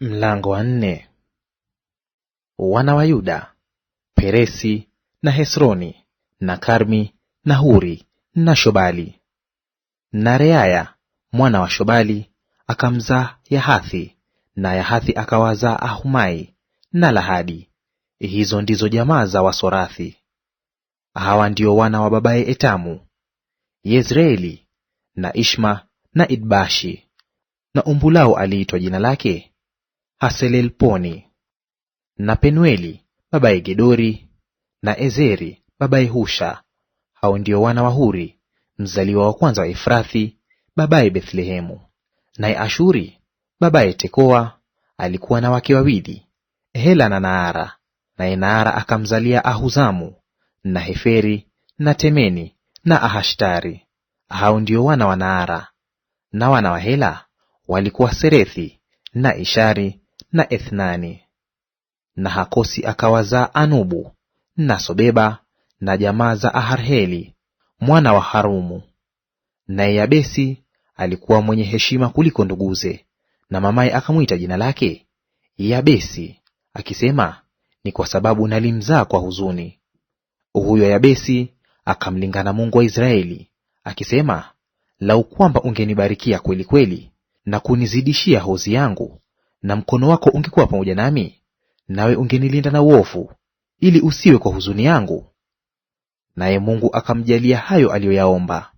Mlango wa nne. Wana wa Yuda, Peresi na Hesroni na Karmi na Huri na Shobali. Na Reaya mwana wa Shobali akamzaa Yahathi, na Yahathi akawazaa Ahumai na Lahadi. Hizo ndizo jamaa za Wasorathi. Hawa ndio wana wa babaye Etamu, Yezreeli na Ishma na Idbashi, na umbu lao aliitwa jina lake Haselelponi na Penueli babaye Gedori na Ezeri babaye Husha. Hao ndio wana wa Huri mzaliwa wa kwanza wa Efrathi babaye Bethlehemu. Naye Ashuri babaye Tekoa alikuwa na wake wawili, Hela na Naara. Naye Naara akamzalia Ahuzamu na Heferi na Temeni na Ahashtari. Hao ndio wana wa Naara. Na wana wa Hela walikuwa Serethi na Ishari na Ethnani. Nahakosi akawazaa Anubu na Sobeba na jamaa za Aharheli mwana wa Harumu. Naye Yabesi alikuwa mwenye heshima kuliko nduguze, na mamaye akamwita jina lake Yabesi, akisema, ni kwa sababu nalimzaa kwa huzuni. Huyo Yabesi akamlingana Mungu wa Israeli, akisema, lau kwamba ungenibarikia kweli kweli na kunizidishia hozi yangu, na mkono wako ungekuwa pamoja nami, nawe ungenilinda na uovu, ili usiwe kwa huzuni yangu. Naye Mungu akamjalia hayo aliyoyaomba.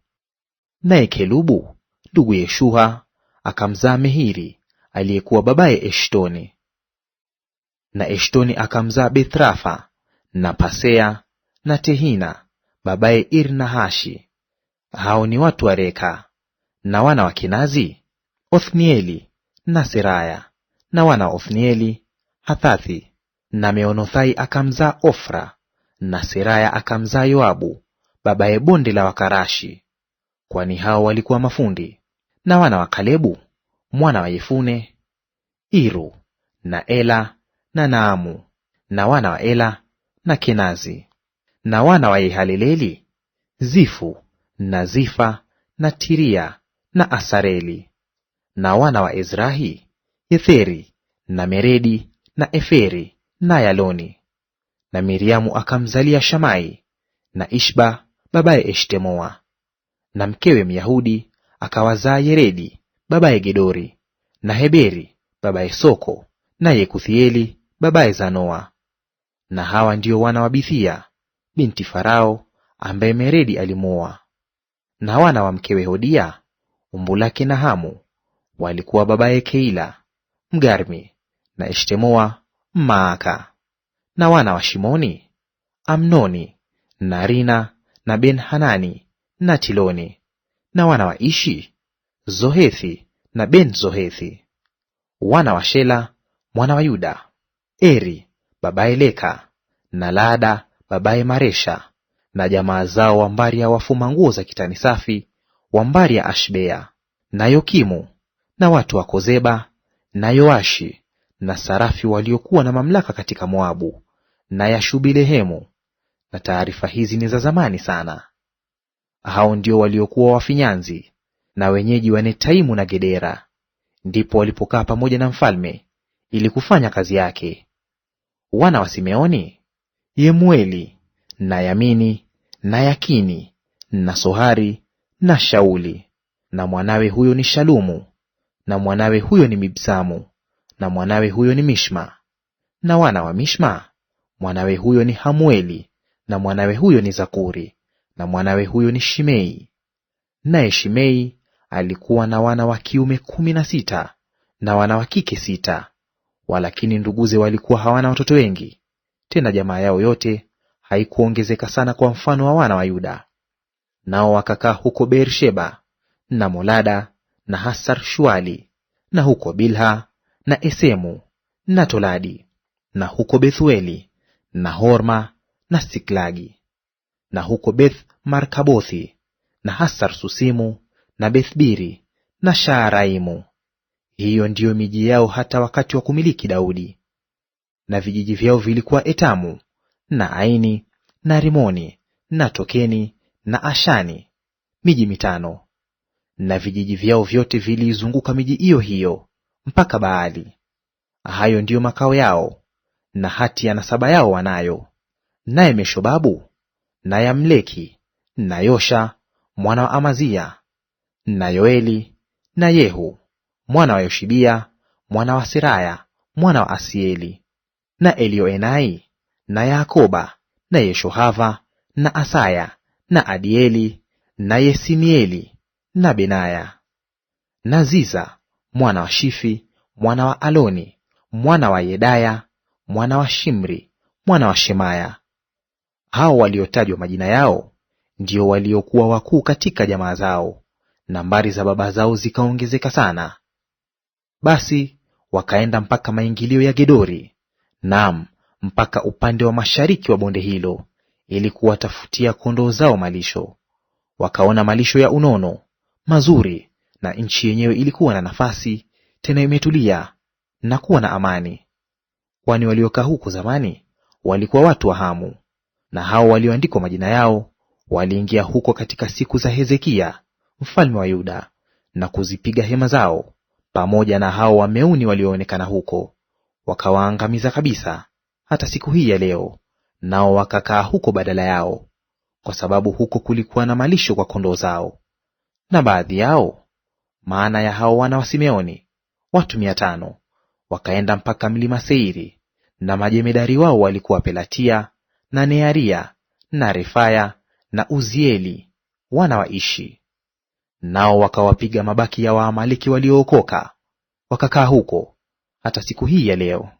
Naye Kelubu ndugu Yeshuha akamzaa Mehiri aliyekuwa babaye Eshtoni, na Eshtoni akamzaa Bethrafa na Pasea na Tehina babaye Irnahashi. Hao ni watu wa Reka. Na wana wa kinazi Othnieli na Seraya na wana wa Othnieli Hathathi na Meonothai akamzaa Ofra, na Seraya akamzaa Yoabu babaye bonde la Wakarashi, kwani hao walikuwa mafundi. Na wana wa Kalebu mwana wa Yefune, Iru na Ela na Naamu, na wana wa Ela na Kenazi. Na wana wa Yehaleleli Zifu na Zifa na Tiria na Asareli. Na wana wa Ezrahi yetheri na Meredi na Eferi na Yaloni. Na Miriamu akamzalia Shamai na Ishba babaye Eshtemoa. Na mkewe Myahudi akawazaa Yeredi babaye Gedori na Heberi babaye Soko na Yekuthieli babaye Zanoa. Na hawa ndio wana wa Bithia binti Farao ambaye Meredi alimoa Na wana wa mkewe Hodia umbu lake Nahamu walikuwa babaye Keila Mgarmi na Eshtemoa maaka na wana wa Shimoni, Amnoni na Rina na Ben-Hanani na Tiloni; na wana wa Ishi, Zohethi na Ben-Zohethi; wana wa Shela mwana wa Yuda, Eri babaye Leka na lada babaye Maresha, na jamaa zao wambari ya wafuma nguo za kitani safi, wambari ya Ashbea na Yokimu, na watu wa Kozeba na Yoashi na sarafi waliokuwa na mamlaka katika Moabu na Yashubilehemu; na taarifa hizi ni za zamani sana. Hao ndio waliokuwa wafinyanzi na wenyeji wa Netaimu na Gedera; ndipo walipokaa pamoja na mfalme ili kufanya kazi yake. Wana wa Simeoni Yemueli na Yamini na Yakini na Sohari na Shauli na mwanawe huyo ni Shalumu na mwanawe huyo ni Mibsamu, na mwanawe huyo ni Mishma. Na wana wa Mishma, mwanawe huyo ni Hamueli, na mwanawe huyo ni Zakuri, na mwanawe huyo ni Shimei. Naye Shimei alikuwa na wana wa kiume kumi na sita na wana wa kike sita. Walakini nduguze walikuwa hawana watoto wengi, tena jamaa yao yote haikuongezeka sana kwa mfano wa wana wa Yuda. Nao wakakaa huko Beer-sheba na Molada na Hasar-Shuali, na huko Bilha na Esemu na Toladi, na huko Bethueli na Horma na Siklagi, na huko Beth-Markabothi na Hasar-Susimu na Bethbiri na Shaaraimu. Hiyo ndiyo miji yao hata wakati wa kumiliki Daudi. Na vijiji vyao vilikuwa Etamu na Aini na Rimoni na Tokeni na Ashani, miji mitano na vijiji vyao vyote viliizunguka miji iyo hiyo mpaka Baali. Hayo ndiyo makao yao, na hati ya nasaba yao wanayo. Naye Meshobabu na Yamleki na Yosha mwana wa Amazia na Yoeli na Yehu mwana wa Yoshibia mwana wa Seraya mwana wa Asieli na Elioenai na Yakoba na Yeshohava na Asaya na Adieli na Yesimieli na Benaya na Ziza mwana wa Shifi mwana wa Aloni mwana wa Yedaya mwana wa Shimri mwana wa Shemaya. Hao waliotajwa majina yao ndio waliokuwa wakuu katika jamaa zao; nambari za baba zao zikaongezeka sana. Basi wakaenda mpaka maingilio ya Gedori, naam, mpaka upande wa mashariki wa bonde hilo, ili kuwatafutia kondoo zao malisho. Wakaona malisho ya unono, mazuri, na nchi yenyewe ilikuwa na nafasi, tena imetulia na kuwa na amani. Kwani waliokaa huko zamani walikuwa watu wa Hamu, na hao walioandikwa majina yao waliingia huko katika siku za Hezekia mfalme wa Yuda, na kuzipiga hema zao pamoja na hao Wameuni walioonekana huko, wakawaangamiza kabisa hata siku hii ya leo, nao wakakaa huko badala yao, kwa sababu huko kulikuwa na malisho kwa kondoo zao na baadhi yao, maana ya hao wana wa Simeoni, watu mia tano, wakaenda mpaka mlima Seiri, na majemedari wao walikuwa Pelatia na Nearia na Refaya na Uzieli wana wa Ishi. Nao wakawapiga mabaki ya Waamaleki waliookoka, wakakaa huko hata siku hii ya leo.